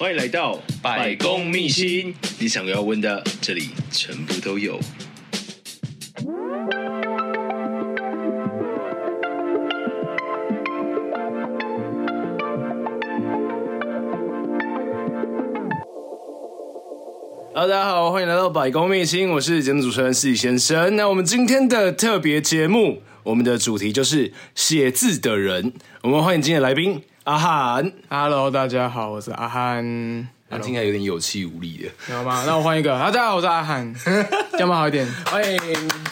歡迎來到百工秘辛，秘辛你想要問的，這裡全部都有。Hello，大家好，歡迎來到百工秘辛，我是節目主持人失禮先生。那我們今天的特別節目，我們的主題就是寫字的人。我們歡迎今天來賓。阿翰，哈嘍，大家好，我是阿翰。那聽起來有點有氣無力的， 知道嗎？那我換一個，大家好，我是阿翰。這 樣好一點。 歡迎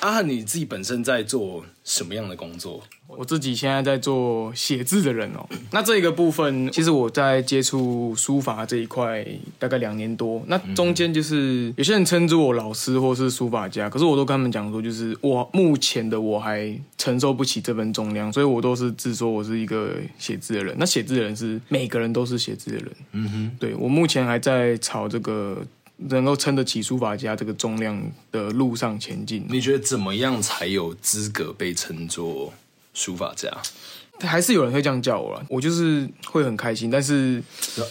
阿翰、啊，你自己本身在做什麼樣的工作？我自己現在在做寫字的人哦。那這個部分，其實我在接觸書法這一塊大概兩年多。那中間就是、嗯、有些人稱之我老師或是書法家，可是我都跟他們講說，就是我目前的我還承受不起這份重量，所以我都是自說我是一個寫字的人。那寫字的人是每個人都是寫字的人。嗯哼，對我目前還在炒這個。能夠撐得起書法家這個重量的路上前進。你覺得怎麼樣才有資格被稱作書法家？還是有人會這樣叫我了，我就是會很開心。但是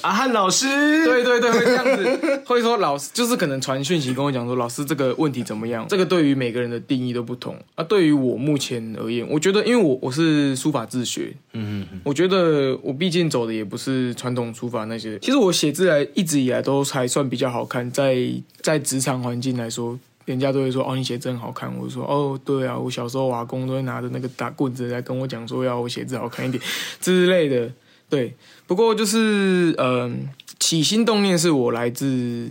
阿、啊、翰老師，對對對，會這樣子，會說老師，就是可能傳訊息跟我講說，老師這個問題怎麼樣？這個對於每個人的定義都不同。啊，對於我目前而言，我覺得因為我我是書法自學，嗯，嗯，嗯，我覺得我畢竟走的也不是傳統書法那些。其實我寫字來一直以來都還算比較好看，在在職場環境來說。人家都會說哦，你寫字好看。我說哦，對啊，我小時候我阿公都會拿着那個大棍子來跟我講說，要我寫字好看一點之類的。對，不過就是嗯、呃，起心動念是我來自。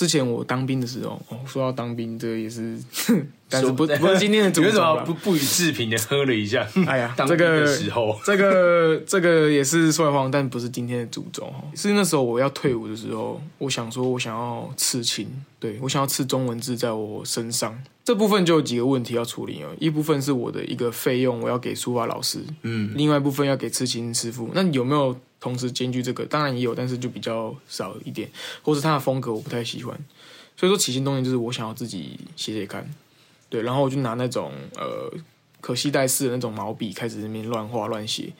之前我當兵的時候，哦、說到當兵，這個也是，但是不不，不是今天的主角，不不予置評的喝了一下。哎呀，當兵的時候，哎、這個、這個、這個也是說來話長，但不是今天的主角，是那時候我要退伍的時候，我想說我想要刺青，對，我想要刺中文字在我身上。這部分就有幾個問題要處理哦。一部分是我的一個費用，我要給書法老師，嗯，另外一部分要給刺青師傅。那你有沒有？同時兼具這個，當然也有，但是就比較少一點，或是他的風格我不太喜歡，所以說起心動念就是我想要自己寫寫看，對，然後我就拿那種呃，可攜帶式的那種毛筆開始那邊亂畫亂寫，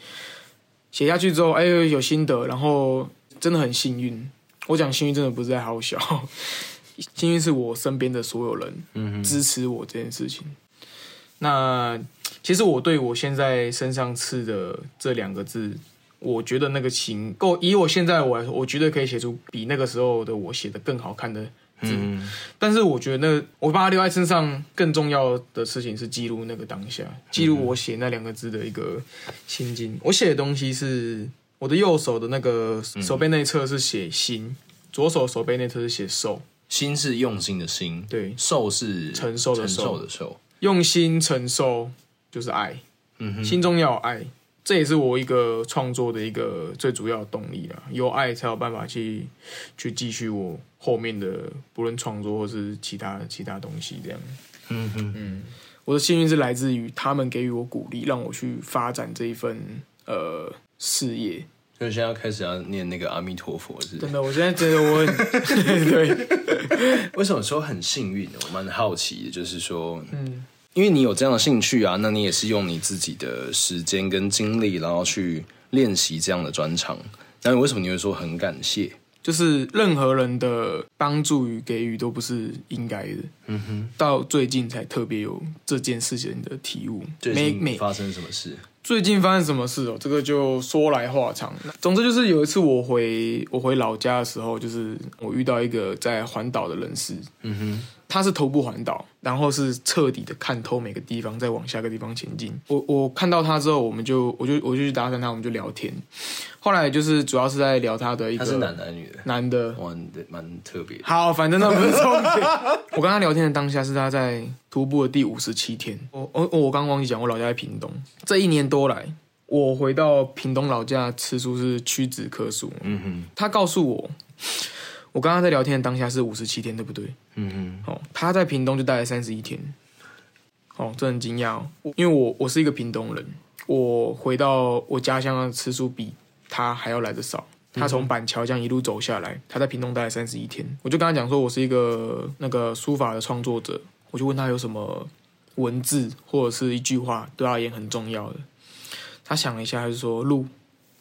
寫下去之後，哎呦有心得，然後真的很幸運，我講幸運真的不是在豪小，幸運是我身邊的所有人支持我這件事情，嗯、哼那其實我對我現在身上刺的這兩個字。我覺得那個情夠，以我現在我來說，我覺得可以寫出比那個時候的我寫的更好看的字。嗯嗯但是我覺得、那個，我把它留在身上更重要的事情是記錄那個當下，記錄我寫那兩個字的一個心境。嗯嗯我寫的東西是，我的右手的那個手背內側是寫心，嗯嗯左手手背內側是寫受。心是用心的心，對，受是承受的受，成的用心承受就是愛。嗯、哼心中要有愛。這也是我一個創作的一個最主要的動力啦，有愛才有辦法去去繼續我後面的，不論創作或是其他其他東西這樣。嗯嗯嗯，我的幸運是來自於他們給予我鼓勵，讓我去發展這一份呃事業。所以現在要開始要念那個阿彌陀佛是不是？真的，我現在覺得我很 對，為什麼說很幸運呢？我蠻好奇的，就是說嗯。因為你有這樣的興趣啊，那你也是用你自己的時間跟精力，然後去練習這樣的專長。那你為什麼你會說很感謝？就是任何人的幫助與給予都不是應該的。嗯哼，到最近才特別有這件事情的體悟。最近發生什麼事？最近發生什麼事哦？這個就說來話長。總之就是有一次我回我回老家的時候，就是我遇到一個在環島的人士。嗯哼。他是徒步環島，然後是徹底的看透每個地方，再往下個地方前進。我我看到他之後，我們就我就我就去搭訕他，我們就聊天。後來就是主要是在聊他的一個的。他是男的女的？男的，蠻蠻特別。好，反正那不是重點 我跟他聊天的當下，是他在徒步的第五十七天。我我我剛剛忘記講，我老家在屏東。這一年多來，我回到屏東老家吃住是屈指可數。嗯哼，他告訴我。我剛剛在聊天的當下是五十七天，對不對？嗯嗯。哦，他在屏東就待了三十一天。哦，這很驚訝哦，因為我我是一個屏東人，我回到我家鄉的次數比他還要來得少。他從板橋這樣一路走下來，他在屏東待了三十一天。我就跟他講說，我是一個那個書法的創作者，我就問他有什麼文字或者是一句話對他而言很重要的。他想了一下，他就說路，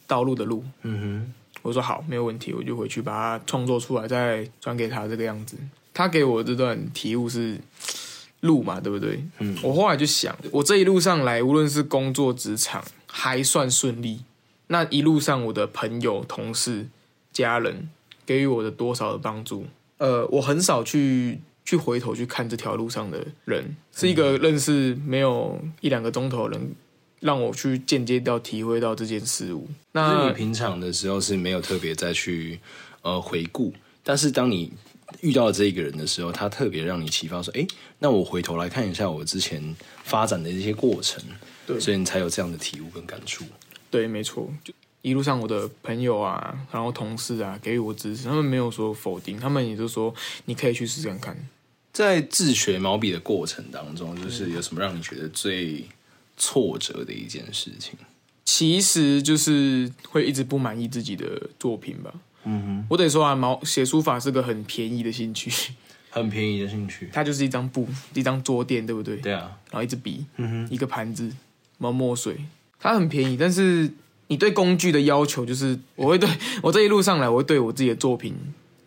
道路的路。嗯哼。我說好，沒有問題，我就回去把它創作出來，再轉給他這個樣子。他給我這段題目是路嘛，對不對？嗯。我後來就想，我這一路上來，無論是工作、職場，還算順利。那一路上，我的朋友、同事、家人給予我的多少的幫助。呃，我很少去去回頭去看這條路上的人，是一個認識沒有一兩個鐘頭的人。讓我去間接到體會到這件事物。那你平常的時候是沒有特別再去呃回顧，但是當你遇到這一個人的時候，他特別讓你啟發，說：“哎，那我回頭來看一下我之前發展的這些過程。”對，所以你才有這樣的體悟跟感觸。對，沒錯。就一路上我的朋友啊，然後同事啊，給予我支持，他們沒有說否定，他們也就說你可以去試試看看。在自學毛筆的過程當中，就是有什麼讓你覺得最挫折的一件事情，其實就是會一直不滿意自己的作品吧。嗯哼，我得說啊，毛寫書法是個很便宜的興趣，很便宜的興趣，它就是一張布，一張桌墊，對不對？對啊，然後一支筆，嗯哼，一個盤子，然後墨水，它很便宜，但是你對工具的要求就是，我會對我這一路上來，我會對我自己的作品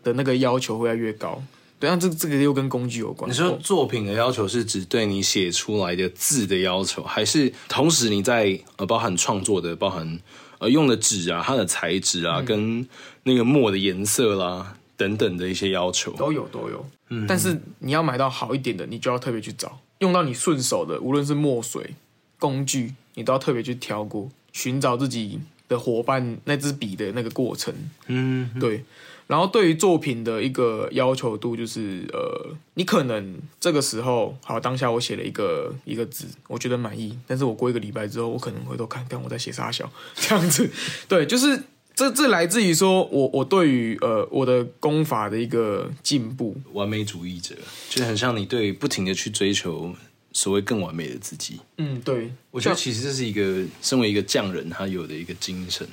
的那個要求會越來越高。對啊，這這個又跟工具有關。你說作品的要求是指對你寫出來的字的要求，還是同時你在呃包含創作的、包含呃用的紙啊、它的材質啊、嗯、跟那個墨的顏色啦、啊、等等的一些要求？都有都有。嗯哼，但是你要買到好一點的，你就要特別去找用到你順手的，無論是墨水、工具，你都要特別去挑過尋找自己的伙伴那支筆的那個過程。嗯哼，對。然後對於作品的一個要求度就是，呃，你可能這個時候好當下我寫了一個一個字，我覺得滿意，但是我過一個禮拜之後，我可能回頭看看我在寫啥小這樣子，對，就是這這來自於說我我對於呃我的功法的一個進步，完美主義者，就是很像你對不停的去追求。所謂更完美的自己，嗯，對我覺得其實這是一個就身為一個匠人，他有的一個精神，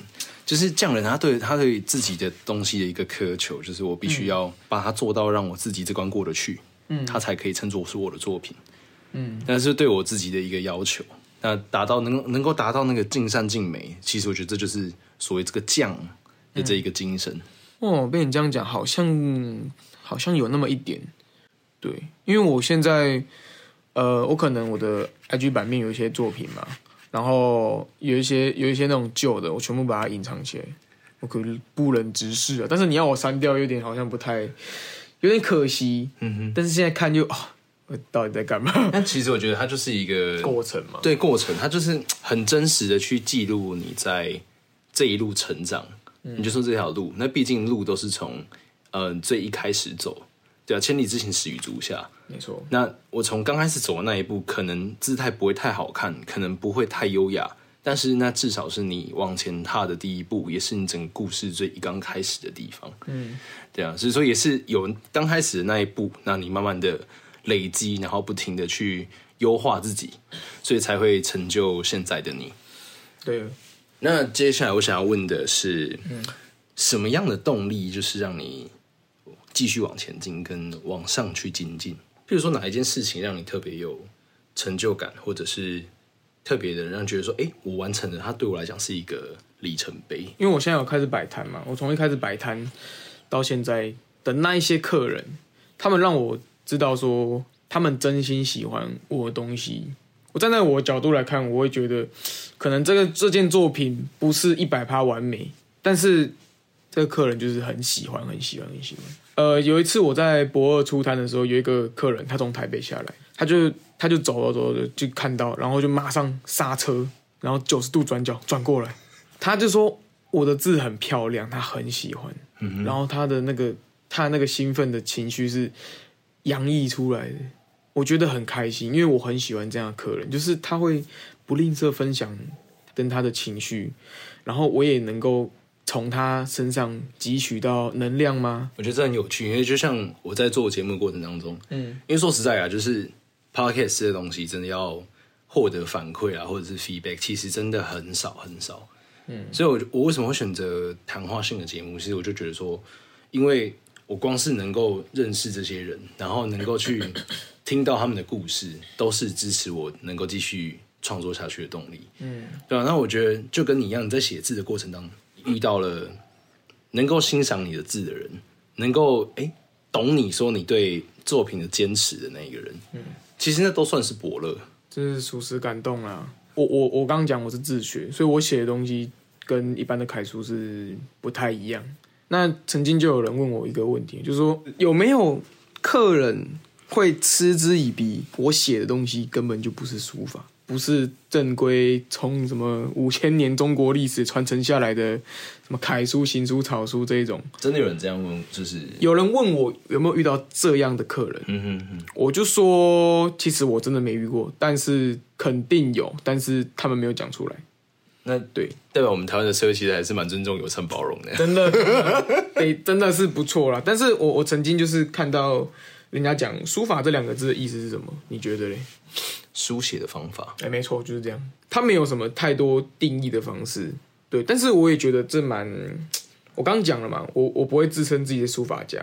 就是匠人他對他對自己的東西的一個苛求，就是我必須要把它做到讓我自己這關過得去，嗯，他才可以稱作是我的作品，嗯，但是對我自己的一個要求，那達到能能夠達到那個盡善盡美，其實我覺得這就是所謂這個匠的這一個精神。嗯、哦，被你這樣講，好像好像有那麼一點，對，因為我現在。呃，我可能我的 IG 版面有一些作品嘛，然後有一些有一些那種舊的，我全部把它隱藏起來，我可能不忍直視啊。但是你要我刪掉，有點好像不太，有點可惜。嗯哼。但是現在看就啊，哦、我到底在幹嘛？但其實我覺得它就是一個過程嘛。對，過程，它就是很真實的去記錄你在這一路成長。嗯、你就說這條路，那畢竟路都是從嗯、呃、最一開始走。對啊，千里之行，始於足下。沒錯，那我從剛開始走的那一步，可能姿態不會太好看，可能不會太優雅，但是那至少是你往前踏的第一步，也是你整個故事最一剛開始的地方。嗯，對啊，所以說也是有剛開始的那一步，那你慢慢的累積，然後不停的去優化自己，所以才會成就現在的你。對，那接下來我想要問的是，嗯，什麼樣的動力就是讓你？繼續往前進，跟往上去精進。譬如說，哪一件事情讓你特別有成就感，或者是特別的讓你覺得說，哎、欸，我完成了，它對我來講是一個里程碑。因為我現在有開始擺攤嘛，我從一開始擺攤到現在的那一些客人，他們讓我知道說，他們真心喜歡我的東西。我站在我的角度來看，我會覺得，可能這個這件作品不是一百趴完美，但是。這個客人就是很喜歡，很喜歡，很喜歡。呃，有一次我在博二出攤的時候，有一個客人，他從台北下來，他就他就走走走就，就看到，然後就馬上剎車，然後九十度轉角轉過來，他就說我的字很漂亮，他很喜歡。嗯，然後他的那個他那個興奮的情緒是洋溢出來的，我覺得很開心，因為我很喜歡這樣的客人，就是他會不吝嗇分享跟他的情緒，然後我也能夠。從他身上汲取到能量嗎？我覺得這很有趣，因為就像我在做節目的過程當中，嗯，因為說實在啊，就是 podcast 這東西真的要獲得反饋啊，或者是 feedback，其實真的很少很少，嗯，所以我，我我為什麼會選擇談話性的節目？其實我就覺得說，因為我光是能夠認識這些人，然後能夠去聽到他們的故事，都是支持我能夠繼續創作下去的動力。嗯，對啊，那我覺得就跟你一樣，你在寫字的過程當中。遇到了能夠欣賞你的字的人，能夠哎懂你說你對作品的堅持的那一個人，嗯，其實那都算是伯樂，真是屬實感動啊！我我我剛剛講我是自學，所以我寫的東西跟一般的楷書是不太一樣。那曾經就有人問我一個問題，就是說有沒有客人會嗤之以鼻，我寫的東西根本就不是書法。不是正規從什麼五千年中國歷史傳承下來的，什麼楷書、行書、草書這一種，真的有人這樣問，就是有人問我有沒有遇到這樣的客人，嗯哼，我就說其實我真的沒遇過，但是肯定有，但是他們沒有講出來。那對，代表我們台灣的社會其實還是蠻尊重、友善、包容的， 真的對，真的是不錯啦。但是我我曾經就是看到。人家講書法這兩個字的意思是什麼？你覺得嘞？書寫的方法，哎、欸，沒錯，就是這樣。他沒有什麼太多定義的方式，對。但是我也覺得這蠻……我剛講了嘛，我我不會自稱自己是書法家，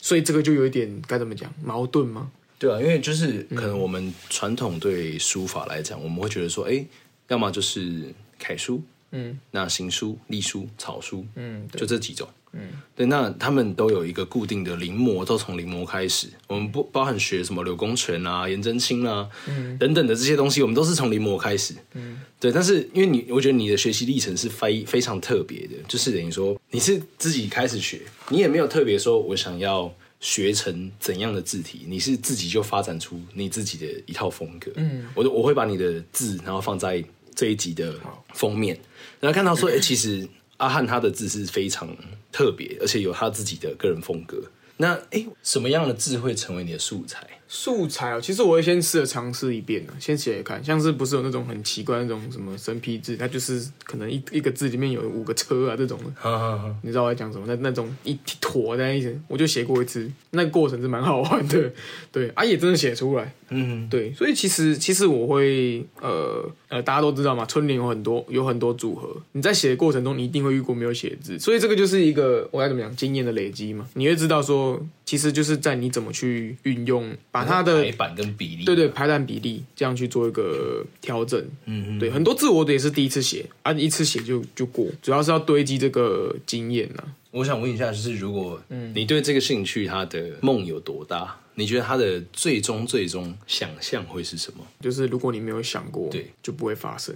所以這個就有一點該怎麼講矛盾嗎？對啊，因為就是可能我們傳統對書法來講，嗯、我們會覺得說，哎、欸，要麼就是楷書，嗯，那行書、隸書、草書，嗯，就這幾種。嗯嗯、對，那他們都有一個固定的臨摹，都從臨摹開始。我們不包含學什麼柳公權啊、顏真卿啦、啊、嗯、等等的這些東西，我們都是從臨摹開始。嗯、對，但是因為你，我覺得你的學習歷程是非非常特別的，就是等於說你是自己開始學，你也沒有特別說我想要學成怎樣的字體，你是自己就發展出你自己的一套風格。嗯、我我會把你的字然後放在這一集的封面，好然後看到說，哎、嗯、欸，其實。阿翰他的字是非常特別，而且有他自己的個人風格。那誒、欸，什麼樣的字會成為你的素材？素材哦，其實我會先試着嘗試一遍呢，先寫看。像是不是有那種很奇怪那種什麼生僻字？它就是可能一一個字裡面有五個車啊這種好好好，你知道我在講什麼？那那種一,一坨那一思，我就寫過一次，那個過程是蠻好玩的。對，阿、啊、也真的寫出來。嗯，對，所以其實其實我會，呃呃，大家都知道嘛，春聯有很多有很多組合。你在寫的過程中，你一定會遇過沒有寫字，所以這個就是一個我要怎麼講經驗的累積嘛。你會知道說，其實就是在你怎麼去運用，把它的排版跟比例，對對，排版比例這樣去做一個調整。嗯嗯哼，對，很多字我的也是第一次寫，啊，一次寫就就過，主要是要堆積這個經驗呢。我想問一下，就是如果你對這個興趣，它的夢有多大？你覺得他的最終最終想象會是什麼？就是如果你沒有想過，對，就不會發生。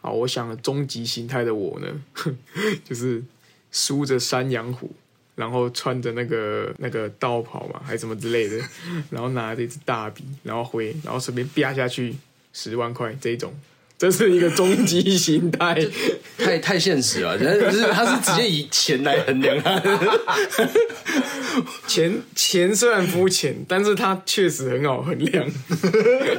啊，我想的終極形態的我呢，哼，就是梳着山羊鬍，然後穿着那個那個道袍嘛，還是什麼之類的， 然後拿着一支大筆，然後揮，然後順便啪下去十萬塊這種。這是一個終極心態，太太現實了。人是，就是、他是直接以錢來衡量。 錢錢雖然膚淺，但是他確實很好衡量，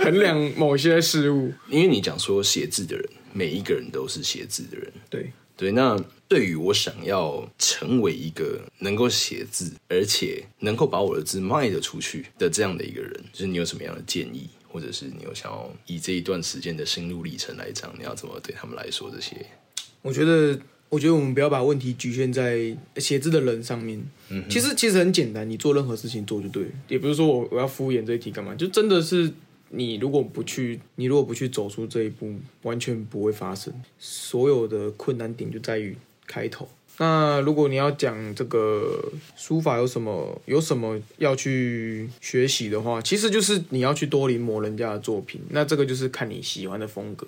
衡量某些事物。因為你講說寫字的人，每一個人都是寫字的人。對對，那對於我想要成為一個能夠寫字，而且能夠把我的字賣得出去的這樣的一個人，就是你有什麼樣的建議？或者是你有想要以這一段時間的心路歷程來講，你要怎麼對他們來說這些？我覺得，我覺得我們不要把問題局限在寫字的人上面。嗯哼，其實其實很簡單，你做任何事情做就對了，也不是說我我要敷衍這一題幹嘛？就真的是你如果不去，你如果不去走出這一步，完全不會發生。所有的困難點就在於開頭。那如果你要講這個書法有什麼有什麼要去學習的話，其實就是你要去多臨摹人家的作品。那這個就是看你喜歡的風格。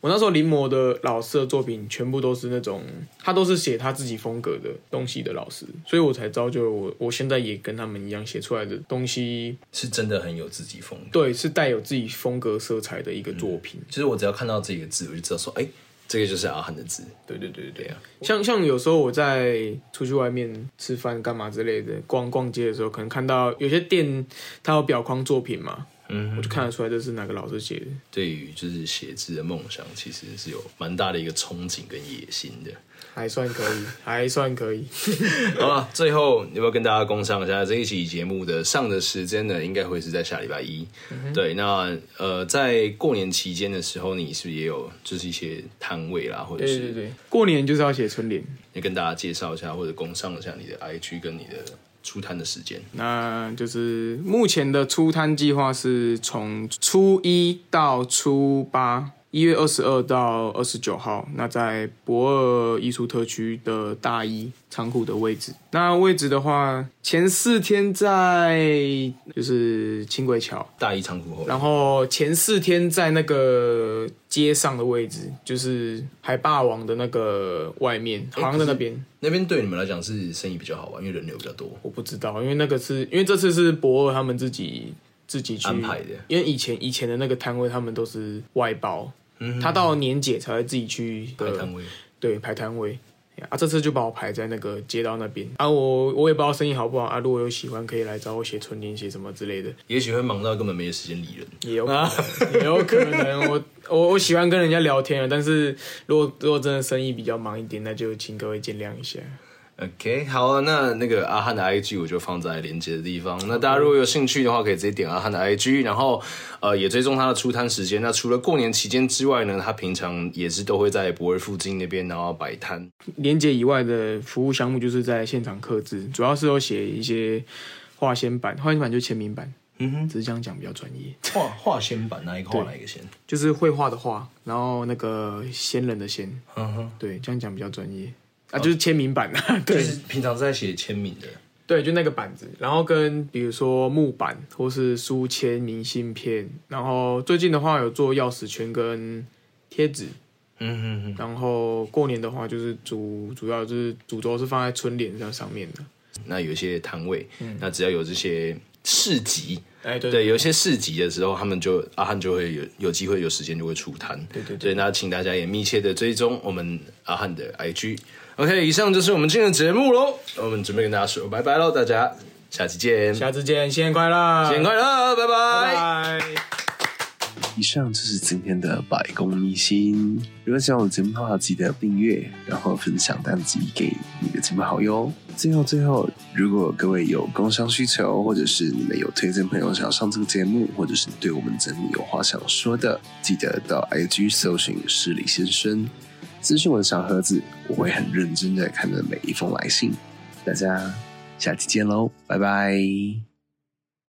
我那時候臨摹的老師的作品，全部都是那種他都是寫他自己風格的東西的老師，所以我才造就了我我現在也跟他們一樣寫出來的東西是真的很有自己風格。對，是帶有自己風格色彩的一個作品。其實、嗯就是、我只要看到這幾個字，我就知道說，哎、欸。這個就是阿翰的字，對對對對對啊！像像有時候我在出去外面吃飯、幹嘛之類的，逛逛街的時候，可能看到有些店它有裱框作品嘛，嗯，嗯，嗯，我就看得出來這是哪個老師寫的。對於就是寫字的夢想，其實是有蠻大的一個憧憬跟野心的。還算可以，還算可以。 好了，最後有沒有跟大家工商一下這一期節目的上的時間呢？應該會是在下禮拜一。嗯、哼對，那呃，在過年期間的時候，你是不是也有就是一些攤位啦，或者是對對對，過年就是要寫春聯，也跟大家介紹一下或者工商一下你的 IG 跟你的出攤的時間。那就是目前的出攤計劃是從初一到初八。一月二十二到二十九號，那在駁二藝術特區的大義倉庫的位置。那位置的話，前四天在就是輕軌橋大義倉庫後，然後前四天在那個街上的位置，就是海霸王的那個外面，欸、好像在那邊。那邊對你們來講是生意比較好玩，因為人流比較多。我不知道，因為那個是因為這次是駁二他們自己自己去安排的，因為以前以前的那個攤位他們都是外包。他到年節才會自己去排攤位，對排攤位啊，這次就把我排在那個街道那邊啊，我我也不知道生意好不好啊，如果有喜歡可以來找我寫春聯、寫什麼之類的。也許會忙到根本沒時間理人，啊、也有可能， 也有可能。我我我喜歡跟人家聊天啊，但是如果如果真的生意比較忙一點，那就請各位見諒一下。OK，好啊，那那個阿翰的 IG 我就放在連結的地方。那大家如果有興趣的話，可以直接點阿翰的 IG，然後呃也追蹤他的出攤時間。那除了過年期間之外呢，他平常也是都會在博爾附近那邊然後擺攤。連結以外的服務項目就是在現場客製，主要是有寫一些畫仙版，畫仙版就簽名版。嗯哼，只是這樣講比較專業。畫畫仙版哪一個畫哪一個先？就是繪畫的畫，然後那個仙人的仙。嗯哼，對，這樣講比較專業。啊，哦、就是簽名版啊。對，平常在寫簽名的，對，就那個板子，然後跟比如說木板或是書籤、明信片，然後最近的話有做鑰匙圈跟貼紙，嗯哼哼，然後過年的話就是主主要就是主軸是放在春聯上上面的，那有一些攤位，嗯、那只要有這些市集，哎、欸、對，對，對，對，有一些市集的時候，他們就阿翰就會有有機會有時間就會出攤，對對對，對，那請大家也密切的追蹤我們阿翰的 IG。OK，以上就是我們今天的節目嘍。我們準備跟大家說拜拜嘍，大家下次見，下次見，新年快樂，新年快樂，拜拜。Bye bye 以上就是今天的百工秘辛。如果喜歡我們節目的話，記得訂閱，然後分享單集給你的親朋好友。最後最後，如果各位有工商需求，或者是你們有推薦朋友想要上這個節目，或者是對我們整理有話想說的，記得到 IG 搜尋“失禮先生”。私訊我的小盒子，我會很認真地看着每一封來信。大家下期見嘍，拜拜。